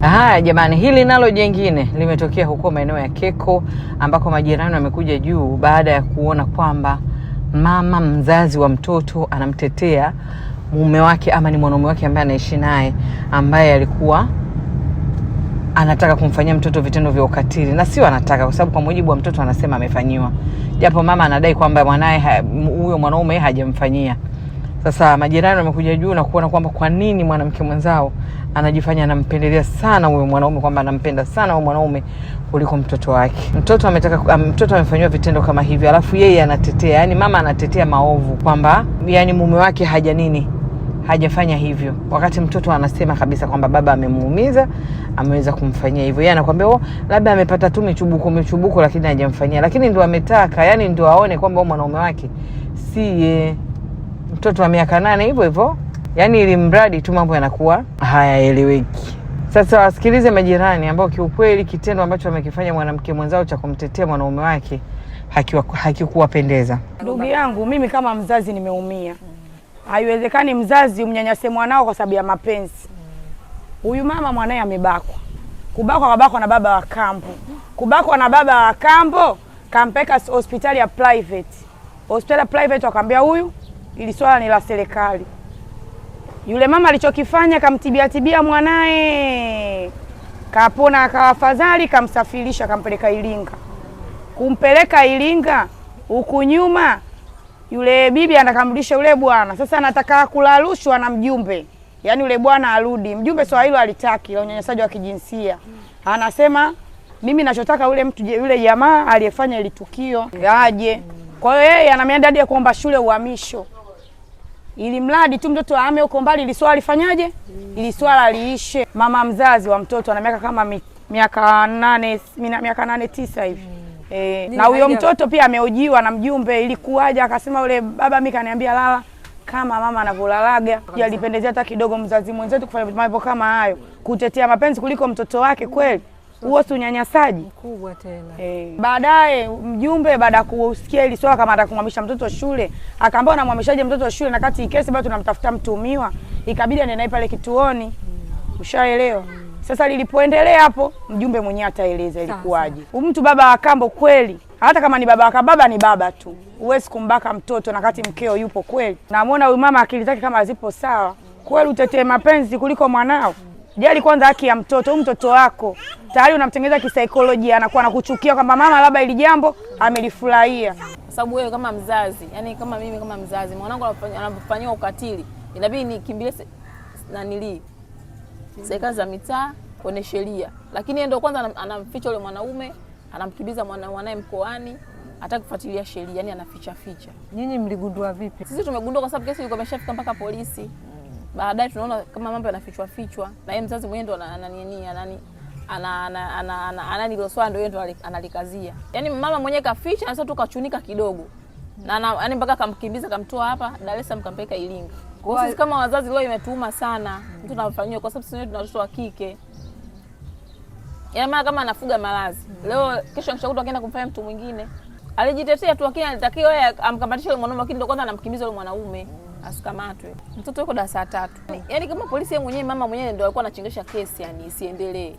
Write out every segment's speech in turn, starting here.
Haya jamani, hili nalo jengine limetokea huko maeneo ya Keko ambako majirani wamekuja juu baada ya kuona kwamba mama mzazi wa mtoto anamtetea mume wake ama ni mwanaume wake ambaye anaishi naye ambaye alikuwa anataka kumfanyia mtoto vitendo vya ukatili, na sio anataka, kwa sababu kwa mujibu wa mtoto anasema amefanyiwa, japo mama anadai kwamba mwanaye huyo mwanaume hajamfanyia. Sasa majirani wamekuja juu na kuona kwamba kwa nini mwanamke mwenzao anajifanya anampendelea sana huyo mwanaume, kwamba anampenda sana huyo mwanaume kuliko mtoto wake. Mtoto ametaka, mtoto amefanyiwa vitendo kama hivyo, alafu yeye anatetea, yani mama anatetea maovu kwamba yani mume wake haja nini hajafanya hivyo, wakati mtoto anasema kabisa kwamba baba amemuumiza, ameweza kumfanyia hivyo. Yeye anakwambia oh, labda amepata tu michubuko michubuko, lakini hajamfanyia, lakini ndo ametaka, yani ndio aone kwamba mwanaume wake siye mtoto wa miaka nane hivyo hivyo, yaani ili mradi tu mambo yanakuwa hayaeleweki. Sasa wasikilize majirani ambao kiukweli kitendo ambacho amekifanya mwanamke mwenzao cha kumtetea mwanaume wake hakikuwapendeza. Haki ndugu yangu, mimi kama mzazi nimeumia. Haiwezekani mzazi umnyanyase mwanao kwa sababu ya mapenzi. Huyu mama mwanaye amebakwa, kubakwa kabakwa na baba wa kambo, kubakwa na baba wa kambo kampeka hospitali ya private, hospitali ya private wakaambia huyu ili swala ni la serikali. Yule mama alichokifanya kamtibia tibia mwanae, kapona akawa afadhali, kamsafirisha kampeleka Iringa. Kumpeleka Iringa huku nyuma, yule bibi anakamrudisha yule bwana. Sasa anataka kulalushwa na mjumbe, yaani yule bwana arudi. Mjumbe swala hilo alitaki la unyanyasaji wa kijinsia, anasema mimi nachotaka yule mtu yule jamaa aliyefanya ile tukio aje. Kwa hiyo yeye ana miadi kuomba shule uhamisho ili mradi tu mtoto aame huko mbali, ili swala lifanyaje, ili swala liishe. Mama mzazi wa mtoto ana miaka kama mi, miaka nane miaka nane tisa hivi mm. e, na huyo mtoto pia ameojiwa na mjumbe, ilikuwaje? Akasema yule baba, mi kaniambia lala kama mama anavyolalaga alipendezea hata kidogo mzazi mwenzetu kufanya mambo kama hayo, kutetea mapenzi kuliko mtoto wake kweli huo si unyanyasaji mkubwa tena eh? Baadaye mjumbe baada ya kusikia hili swala kama atakumhamisha mtoto shule, akaambia unamhamishaje mtoto shule na kati kesi bado tunamtafuta mtuhumiwa, ikabidi aende naye pale kituoni. Mm. Ushaelewa? hmm. Sasa lilipoendelea hapo, mjumbe mwenyewe ataeleza ilikuwaje. Mtu baba wa kambo kweli, hata kama ni baba wa ni baba tu, huwezi kumbaka mtoto na kati mkeo yupo kweli. Namwona huyu mama akili zake kama zipo sawa kweli, utetee mapenzi kuliko mwanao. Mm. Jali kwanza haki ya mtoto. Mtoto wako tayari unamtengeneza kisaikolojia, anakuwa anakuchukia kwamba mama labda ili jambo amelifurahia. Sababu wewe kama mzazi, yani kama mimi kama mzazi, mwanangu anapofanyiwa ukatili, inabidi nikimbilie nanilii serikali za mitaa kwenye sheria, lakini ndio kwanza anamficha yule mwanaume, anamkimbiza mwanae mkoani, hata kufuatilia sheria, yani anaficha ficha. Nyinyi mligundua vipi? Sisi tumegundua kwa sababu kesi ilikuwa imeshafika mpaka polisi baadaye tunaona kama mambo yanafichwa fichwa, na yeye mzazi mwenyewe ndo ananiania anani ana hilo swala ndo yeye ndo analikazia. Yaani mama mwenyewe kaficha, sasa tukachunika kidogo na na mpaka kamkimbiza kamtoa hapa Dar es Salaam kampeleka Ilinga. Kwa sisi kama wazazi leo imetuuma sana. Mtu tunafanywa kwa sababu sisi tuna watoto wa kike. Yaani mama kama anafuga malazi. Leo kesho akishakuta akaenda kumfanya mtu mwingine. Alijitetea tu akini alitakiwa yeye amkamatishe yule mwanaume lakini ndio kwanza anamkimbiza yule mwanaume asikamatwe. Mtoto yuko darasa tatu. Yaani kama polisi yeye mwenyewe mama mwenyewe ndio alikuwa anachengesha kesi yani isiendelee.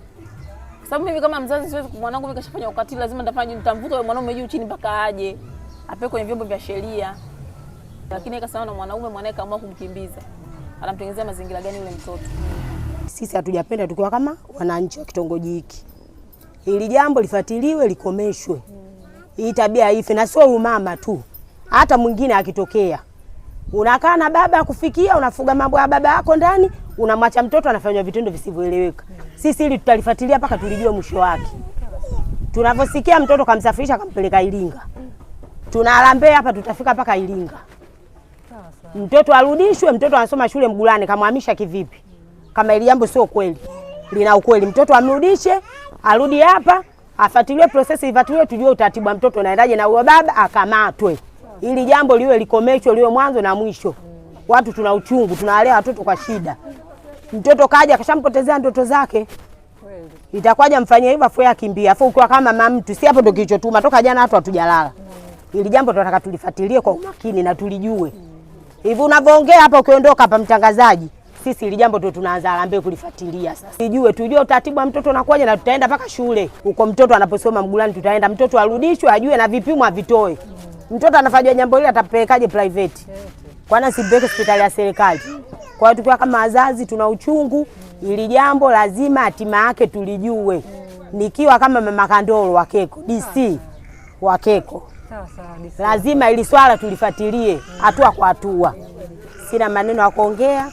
Kwa sababu mimi kama mzazi siwezi mwanangu kashafanya ukatili, lazima nitafanya nitamvuta mwanaume juu chini mpaka aje ape kwenye vyombo vya sheria. Lakini akasema na mwanaume mwanae kaamua kumkimbiza. Anamtengenezea mazingira gani yule mtoto? Sisi hatujapenda tukiwa kama wananchi wa kitongoji hiki. Hili jambo lifuatiliwe likomeshwe. Hii tabia ife na sio huyu mama tu. Hata mwingine akitokea Unakaa na baba kufikia, unafuga mambo ya baba yako ndani, unamwacha mtoto anafanywa vitendo visivyoeleweka. Sisi ili tutalifuatilia mpaka tulijue mwisho wake. Tunavyosikia mtoto kamsafirisha kampeleka Iringa, tunaalambea hapa, tutafika mpaka Iringa. Mtoto arudishwe. Mtoto anasoma shule Mgulani, kamhamisha kivipi? Kama ili jambo sio kweli, lina ukweli. Mtoto amrudishe, arudi hapa, afuatilie prosesi, ifuatiliwe, tujue utaratibu wa mtoto unaendaje, na huyo baba akamatwe ili jambo liwe likomeshwe, liwe mwanzo na mwisho. Watu tuna uchungu, tunawalea watoto kwa shida. Mtoto kaja kashampotezea ndoto zake, itakwaja mfanyia hivyo afu akimbia, afu ukiwa kama mama mtu, si hapo ndio kilichotuma toka jana, watu hatujalala. Mm. Ili jambo tunataka tulifuatilie kwa umakini na tulijue hivi unavyoongea hapa, ukiondoka hapa, mtangazaji, sisi ili jambo tu tunaanza harambee kulifuatilia sasa, tujue tujue utaratibu wa mtoto unakuwaje, na tutaenda mpaka shule huko mtoto anaposoma mgulani, tutaenda mtoto arudishwe, ajue na vipimo avitoe mtoto anafanya jambo hili atapelekaje private? Kwana sipeleke hospitali ya serikali. Kwa hiyo tukiwa kama wazazi tuna uchungu, ili jambo lazima hatima yake tulijue. Nikiwa kama mama Kandolo Wakeko DC Wakeko, lazima ili swala tulifuatilie hatua kwa hatua. Sina maneno ya kuongea,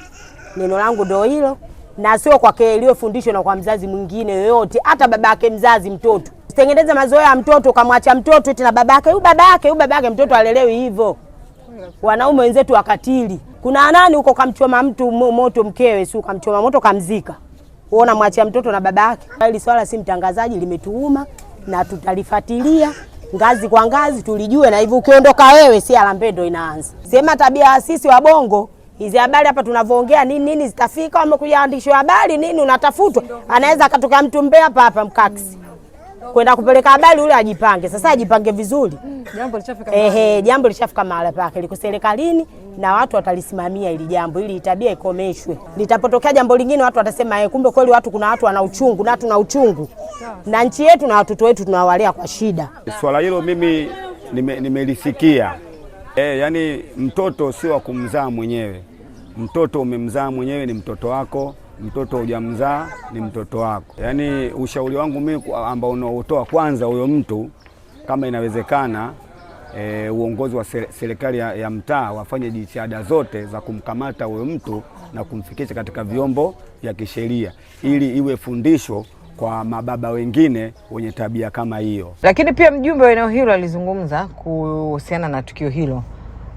neno langu ndio hilo, na sio kwake iliyofundishwa na kwa mzazi mwingine yoyote, hata babake mzazi mtoto tengeneza mazoea ya mtoto ukamwacha mtoto eti na babake, huyu babake, huyu babake. Mtoto alelewi hivyo. Wanaume wenzetu wakatili. Kuna nani huko kamchoma mtu moto mkewe, si kamchoma moto kamzika, uona mwachia mtoto na babake. Hili swala si mtangazaji, limetuuma na tutalifuatilia ngazi kwa ngazi, tulijue na hivyo ukiondoka wewe, si alambendo inaanza sema. Tabia sisi wa Bongo hizi habari hapa tunavyoongea nini nini zitafika, wamekuja waandishi wa habari nini, unatafutwa. Anaweza akatoka mtu mbea hapa hapa mkaksi kwenda kupeleka habari yule ajipange. Sasa ajipange vizuri, jambo lishafika mahali. Ehe, jambo lishafika mahali pake, liko serikalini na watu watalisimamia ili jambo ili tabia ikomeshwe. Litapotokea jambo lingine, watu watasema eh, kumbe kweli watu, kuna watu wana uchungu na tuna uchungu na nchi yetu na watoto wetu tunawalea kwa shida. Swala hilo mimi nimelisikia nime eh, yani mtoto sio wa kumzaa mwenyewe. Mtoto umemzaa mwenyewe, ni mtoto wako mtoto hujamzaa ni mtoto wako. Yaani ushauri wangu mimi ambao unaotoa kwanza, huyo mtu kama inawezekana E, uongozi wa serikali ya, ya mtaa wafanye jitihada zote za kumkamata huyo mtu na kumfikisha katika vyombo vya kisheria ili iwe fundisho kwa mababa wengine wenye tabia kama hiyo. Lakini pia mjumbe wa eneo hilo alizungumza kuhusiana na tukio hilo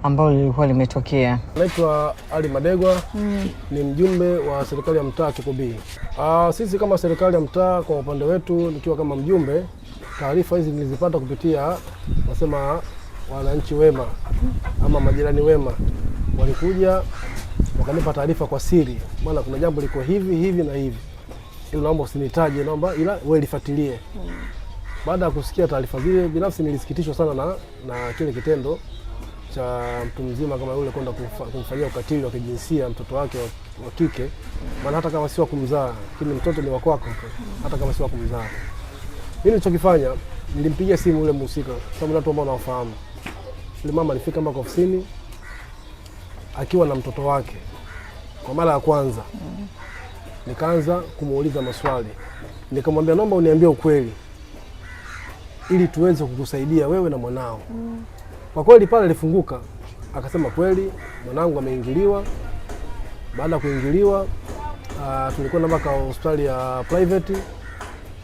ambalo lilikuwa limetokea. Naitwa Ali Madegwa mm. ni mjumbe wa serikali ya mtaa Kikubii. Ah, sisi kama serikali ya mtaa kwa upande wetu, nikiwa kama mjumbe, taarifa hizi nilizipata kupitia nasema wananchi wema ama majirani wema walikuja wakanipa taarifa kwa siri, maana kuna jambo liko hivi hivi na hivi, ila naomba usinitaje, naomba ila wewe lifuatilie. Mm. Baada ya kusikia taarifa zile, binafsi nilisikitishwa sana na, na kile kitendo cha mtu mzima kama yule kwenda kumfanyia ukatili wa kijinsia mtoto wake wa kike, maana hata kama si wa kumzaa, lakini mtoto ni wa kwako, hata kama si wa kumzaa. Mimi nilichokifanya nilimpigia simu yule mhusika, sababu watu ambao nawafahamu. Yule mama alifika mpaka ofisini akiwa na mtoto wake kwa mara ya kwanza. Nikaanza kumuuliza maswali, nikamwambia naomba uniambie ukweli ili tuweze kukusaidia wewe na mwanao. Kwa kweli pale alifunguka akasema, kweli mwanangu ameingiliwa. Baada ya kuingiliwa, uh, na mpaka hospitali ya private.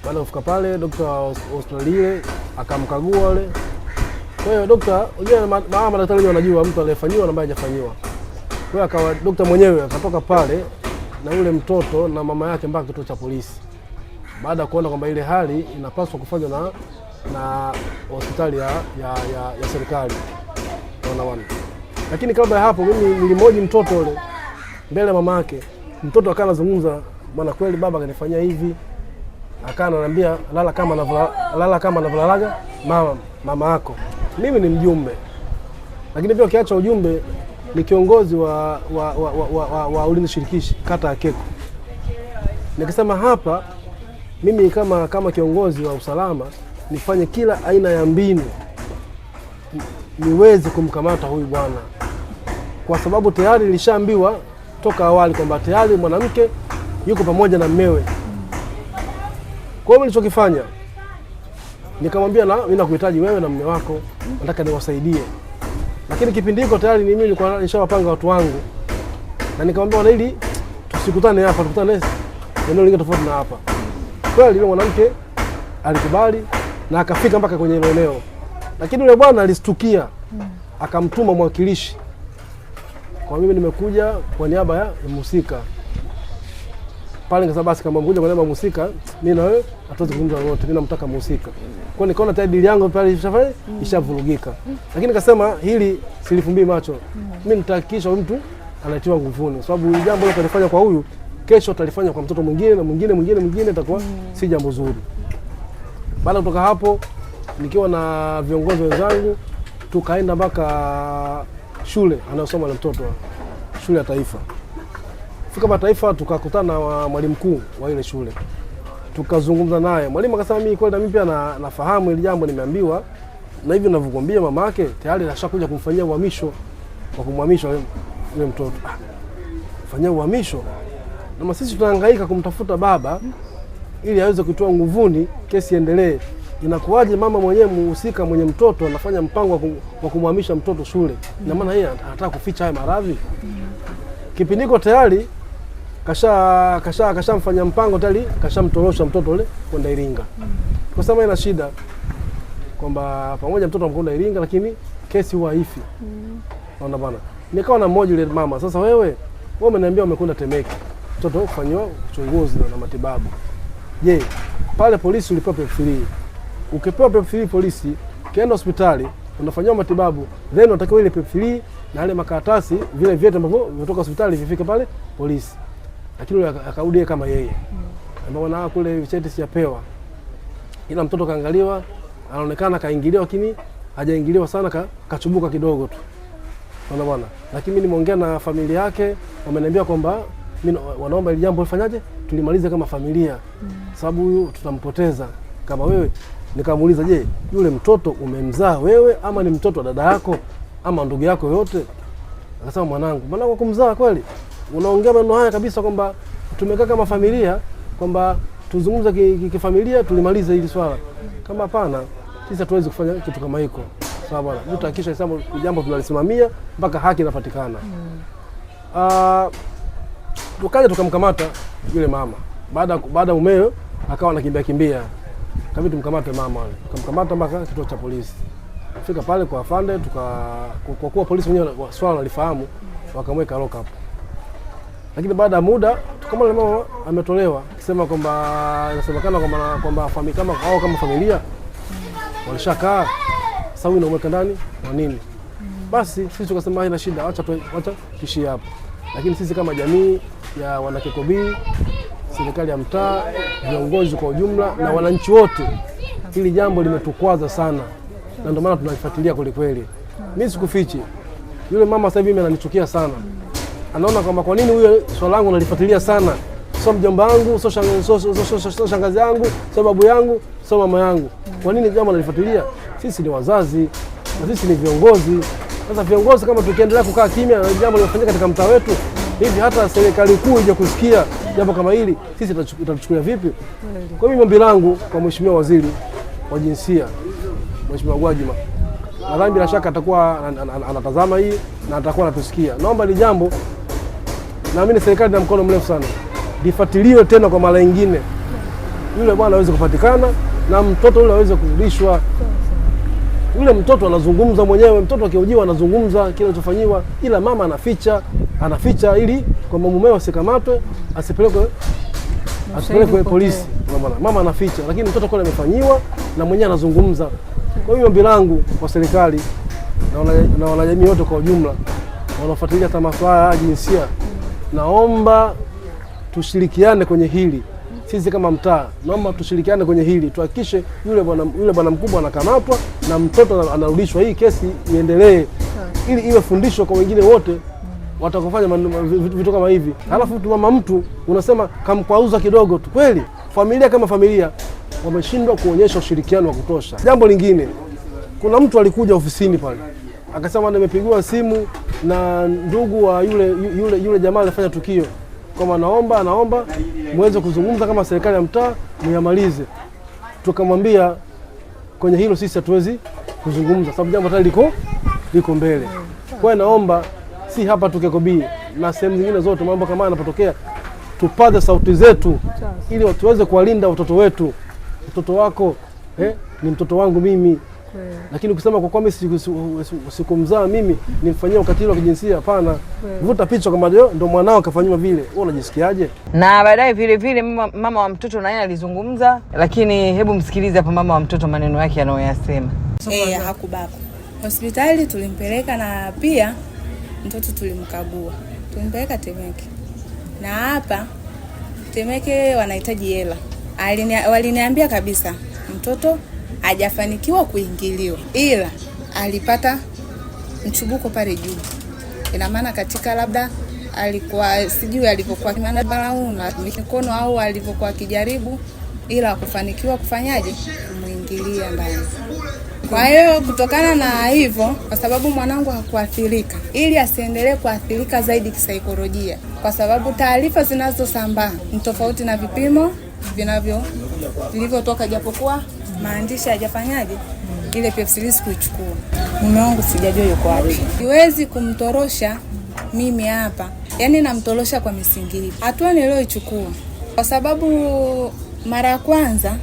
Baada kufika pale, dokta wa hospitali ile akamkagua ule. Kwa hiyo dokta, unajua ma, madaktari wanajua mtu aliyefanyiwa na ambaye hajafanyiwa. Kwa hiyo akawa dokta mwenyewe akatoka pale na ule mtoto na mama yake mpaka kituo cha polisi, baada ya kuona kwamba ile hali inapaswa kufanywa na na hospitali ya, ya, ya, ya serikali naona Lakini kabla ya hapo mimi nilimoji mtoto ule mbele ya mama yake, mtoto akawa anazungumza, maana kweli baba kanifanyia hivi, akawa ananiambia lala kama lala kama anavyolalaga mama mama yako. Mimi ni mjumbe, lakini pia ukiacha ujumbe ni kiongozi wa, wa, wa, wa, wa, wa ulinzi shirikishi kata ya Keko. Nikisema hapa mimi kama, kama kiongozi wa usalama nifanye kila aina ya mbinu niweze kumkamata huyu bwana, kwa sababu tayari nilishaambiwa toka awali kwamba tayari mwanamke yuko pamoja na mmewe. Kwa hiyo nilichokifanya nikamwambia, na mimi nakuhitaji wewe na mme wako, nataka niwasaidie. Lakini kipindi hiko tayari mimi nilikuwa nishawapanga watu wangu, na nikamwambia, ili tusikutane hapa, tukutane eneo lingine tofauti na hapa. Kweli yule mwanamke alikubali na akafika mpaka kwenye ile eneo, lakini yule bwana alistukia, hmm. akamtuma mwakilishi kwa mimi, nimekuja kwa niaba ya mhusika pale. Nikasema basi kama mkuja kwa niaba ya mhusika, mimi na wewe hatuwezi kuzungumza lolote, mimi namtaka mhusika. Kwa nikaona tayari dili yangu pale ishafanya hmm. ishavurugika, hmm. lakini nikasema hili silifumbii macho, mimi nitahakikisha mtu anatiwa nguvuni, kwa sababu jambo lolote alifanya kwa huyu, kesho atalifanya kwa mtoto mwingine na mwingine mwingine mwingine, itakuwa si jambo zuri. Baada kutoka hapo, nikiwa na viongozi wenzangu tukaenda mpaka shule anayosoma na mtoto, shule ya taifa. Fika pa taifa, tukakutana na mwalimu mkuu wa ile shule, tukazungumza naye. Mwalimu akasema mimi kweli na mimi pia nafahamu ile jambo nimeambiwa, na hivyo ninavyokuambia mama yake tayari ashakuja kumfanyia uhamisho wa kumhamisha yule mtoto. Ah, Fanyia uhamisho, na sisi tunahangaika kumtafuta baba ili aweze kutoa nguvuni, kesi iendelee. Inakuwaje mama mwenyewe muhusika mwenye mtoto anafanya mpango wa kumhamisha mtoto shule? Ina maana yeye anataka kuficha haya maradhi. Kipindiko tayari kasha kasha kashamfanya mpango tayari, kashamtorosha mtoto ule kwenda Iringa. Kwa sababu ina shida kwamba pamoja mtoto amkwenda Iringa, lakini kesi huwa ifi. Naona bana, nikawa na mmoja yule mama, sasa wewe wewe umeniambia umekwenda Temeke mtoto kufanyiwa uchunguzi na matibabu. Je, pale polisi ulipewa pepfili? Ukipewa pepfili polisi, ukienda hospitali unafanyiwa matibabu, then unatakiwa ile pepfili na ile makaratasi, vile vyote ambavyo vimetoka hospitali vifike pale polisi, lakini yule akarudi kama yeye hmm. ambao na kule cheti sijapewa, ila mtoto kaangaliwa, anaonekana kaingiliwa, lakini hajaingiliwa sana, ka, kachubuka kidogo tu, unaona bwana. Lakini mimi nimeongea na familia yake, wameniambia kwamba mimi wanaomba ili jambo lifanyaje, tulimalize kama familia, mm. sababu huyu tutampoteza. Kama wewe, nikamuuliza je, yule mtoto umemzaa wewe ama ni mtoto wa dada yako ama ndugu yako yote? Akasema mwanangu. Mwanangu kumzaa kweli? Unaongea maneno haya kabisa kwamba tumekaa kama familia, kwamba tuzungumze kifamilia, ki, ki, tulimalize hili swala. Kama hapana, sisi hatuwezi kufanya kitu kama hiko. Sawa bwana, mtu hakisha jambo tunalisimamia mpaka haki inapatikana. mm. uh, tukaja tukamkamata yule mama, baada baada umeo akawa anakimbia kimbia, kabidi tumkamate mama wale, tukamkamata mpaka kituo cha polisi. Fika pale kwa afande tuka, kwa kuwa polisi wenyewe swala walifahamu, wakamweka lock up, lakini baada ya muda tukamwona mama ametolewa, akisema kwamba inasemekana kwamba kwamba familia kama hao kama familia walishakaa sawa, umeka ndani na nini. Basi sisi tukasema haina shida, acha acha kishia hapo. Lakini sisi kama jamii ya wanakekobii, serikali ya mtaa, viongozi kwa ujumla na wananchi wote, hili jambo limetukwaza sana, na ndio maana tunalifuatilia kwelikweli. Mimi sikufichi, yule mama sasa hivi ananichukia sana, anaona kwamba kwa nini huyo swala langu nalifuatilia sana, sio mjomba wangu, sio shangazi yangu, sio babu yangu, sio mama yangu. Kwa nini jambo nalifuatilia? Sisi ni wazazi na sisi ni viongozi. Sasa viongozi, kama tukiendelea kukaa kimya na jambo linafanyika katika mtaa wetu hivi, hata serikali kuu ija kusikia jambo kama hili, sisi tutalichukulia vipi? Kwa hiyo ombi langu kwa mheshimiwa waziri wa jinsia, Mheshimiwa Gwajima, nadhani bila shaka atakuwa anatazama hii na atakuwa anatusikia. Naomba ni jambo, naamini serikali na mkono mrefu sana, lifuatiliwe tena kwa mara nyingine, yule bwana aweze kupatikana na mtoto yule aweze kurudishwa. Yule mtoto anazungumza mwenyewe, mtoto akiojiwa anazungumza kinachofanyiwa, ila mama anaficha, anaficha ili kwamba mumeo asikamatwe, asipelekwe asipelekwe polisi. Mama, mama anaficha, lakini mtoto kule amefanyiwa na mwenyewe anazungumza. Kwa hiyo ombi langu kwa serikali na wanajamii wote kwa ujumla wanaofuatilia hata ya jinsia, naomba tushirikiane kwenye hili sisi kama mtaa naomba tushirikiane kwenye hili, tuhakikishe yule bwana yule bwana mkubwa anakamatwa na mtoto anarudishwa, hii kesi iendelee, ili iwe fundisho kwa wengine wote watakofanya vitu kama hivi. Halafu tu mama mtu unasema kamkwauza kidogo tu, kweli familia kama familia wameshindwa kuonyesha ushirikiano wa kutosha. Jambo lingine, kuna mtu alikuja ofisini pale akasema nimepigiwa simu na ndugu wa yule, yule, yule jamaa alifanya tukio kwamba naomba naomba muweze kuzungumza kama serikali ya mtaa muyamalize. Tukamwambia kwenye hilo sisi hatuwezi kuzungumza, sababu jambo tayari liko liko mbele. Kwa hiyo naomba si hapa tu Kekobii na sehemu zingine zote, mambo kama yanapotokea tupaze sauti zetu ili tuweze kuwalinda watoto wetu. Mtoto wako eh, ni mtoto wangu mimi. Eh. Lakini ukisema kwa kwamba sikumzaa mimi nimfanyia ukatili wa kijinsia hapana, eh. Vuta picha kama ndio mwanao akafanyiwa vile, wewe unajisikiaje? Na baadaye vile vile mama, mama wa mtoto naye alizungumza, lakini hebu msikilize hapa mama wa mtoto maneno yake anayoyasema. Hey, eh, hakubaka hospitali tulimpeleka, na pia mtoto tulimkagua, tulimpeleka Temeke na hapa Temeke wanahitaji hela, waliniambia kabisa mtoto hajafanikiwa kuingiliwa, ila alipata mchubuko pale juu. Ina maana katika labda alikuwa sijui alivyokuwa na mikono au alivyokuwa akijaribu, ila kufanikiwa kufanyaje, kumuingilia ndani. Kwa hiyo kutokana na hivyo, kwa sababu mwanangu hakuathirika, ili asiendelee kuathirika zaidi kisaikolojia, kwa sababu taarifa zinazosambaa ni tofauti na vipimo vinavyo vilivyotoka, japokuwa maandishi hajafanyaje ile PF series kuichukua. Mume wangu sijajua yuko wapi, siwezi kumtorosha mimi hapa, yaani namtorosha kwa misingi hii, hatua niliyoichukua, kwa sababu mara ya kwanza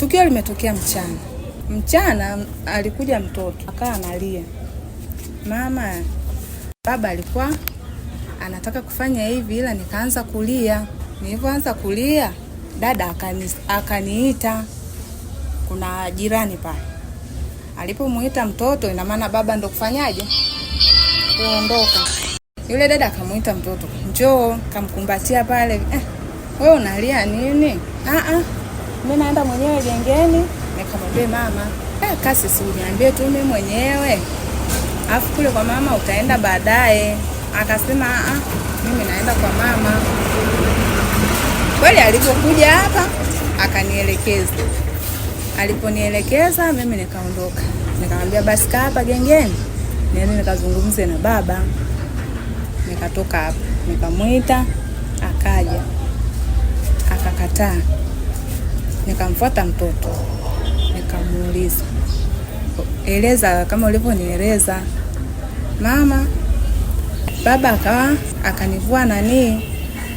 tukio limetokea mchana. Mchana alikuja mtoto akawa analia, mama, baba alikuwa anataka kufanya hivi, ila nikaanza kulia. Nilivyoanza kulia, dada akaniita kuna jirani pale alipomuita mtoto, ina maana baba ndo kufanyaje kuondoka. Yule dada akamuita mtoto, njoo, kamkumbatia pale eh, wewe unalia nini? Ah ah, mimi naenda mwenyewe gengeni. Nikamwambia mama, eh, kasi si uniambie tu mimi mwenyewe, afu kule kwa mama utaenda baadaye. Akasema ah ah, mimi naenda kwa mama. Kweli alipokuja hapa akanielekeza Aliponielekeza mimi nikaondoka, nikamwambia basi kaa hapa gengeni, niende nikazungumze na baba. Nikatoka hapa nikamwita, akaja akakataa. Nikamfuata mtoto nikamuuliza, eleza kama ulivyonieleza mama. Baba akawa akanivua nanii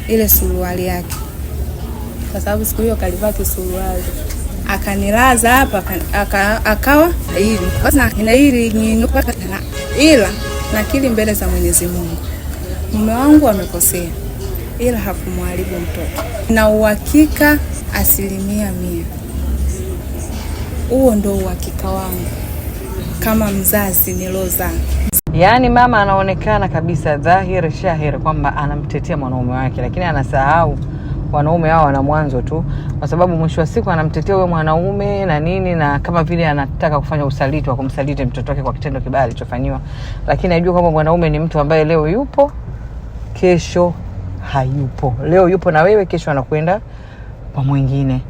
ile suruali yake, kwa sababu siku hiyo kalivaa kisuruali akanilaza hapa aka, akawa hili kwanza ina hili ninuka tena, ila nakili mbele za Mwenyezi Mungu, mume wangu amekosea, ila hakumwaribu mtoto na uhakika asilimia mia. Huo ndio uhakika wangu kama mzazi loza Yaani mama anaonekana kabisa dhahiri shahiri kwamba anamtetea mwanaume wake, lakini anasahau wanaume hawa wana mwanzo tu, kwa sababu mwisho wa siku anamtetea huyo mwanaume na nini, na kama vile anataka kufanya usaliti wa kumsaliti mtoto wake kwa kitendo kibaya alichofanyiwa, lakini ajua kwamba mwanaume ni mtu ambaye leo yupo, kesho hayupo. Leo yupo na wewe, kesho anakwenda kwa mwingine.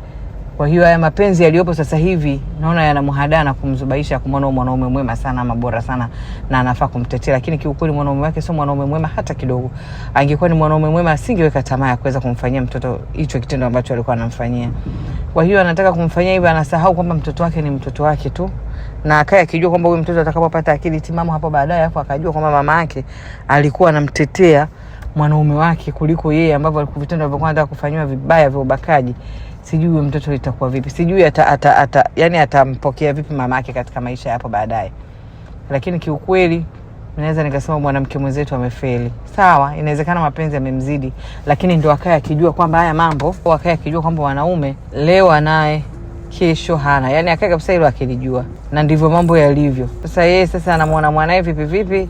Kwa hiyo haya mapenzi yaliyopo sasa hivi naona yanamhadaa na kumzubaisha kumwona mwanaume mwema sana ama bora sana na anafaa kumtetea, lakini kiukweli mwanaume wake sio mwanaume mwema hata kidogo. Angekuwa ni mwanaume mwema, asingeweka tamaa ya kuweza kumfanyia mtoto hicho kitendo ambacho alikuwa anamfanyia. Kwa hiyo anataka kumfanyia hivyo, anasahau kwamba mtoto wake ni mtoto wake tu, na akae akijua kwamba huyu mtoto atakapopata akili timamu hapo baadaye, hapo akajua kwamba mama yake alikuwa anamtetea mwanaume wake kuliko yeye ambavyo alikuvitendo vya kwanza kufanyiwa vibaya vya ubakaji, sijui mtoto litakuwa vipi, sijui ata, ata, ata, yani atampokea vipi mama yake katika maisha hapo baadaye. Lakini kiukweli naweza nikasema mwanamke mwenzetu amefeli. Sawa, inawezekana mapenzi yamemzidi, lakini ndo akaya akijua kwamba haya mambo, akaya akijua kwamba wanaume leo anaye kesho hana, yani akaya kabisa hilo akilijua, na ndivyo mambo yalivyo sasa. Yeye sasa anamwona mwanae vipi vipi,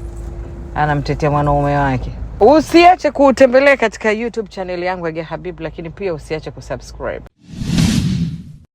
anamtetea mwanaume wake. Usiache kutembelea katika YouTube channel yangu ya habib lakini pia usiache kusubscribe.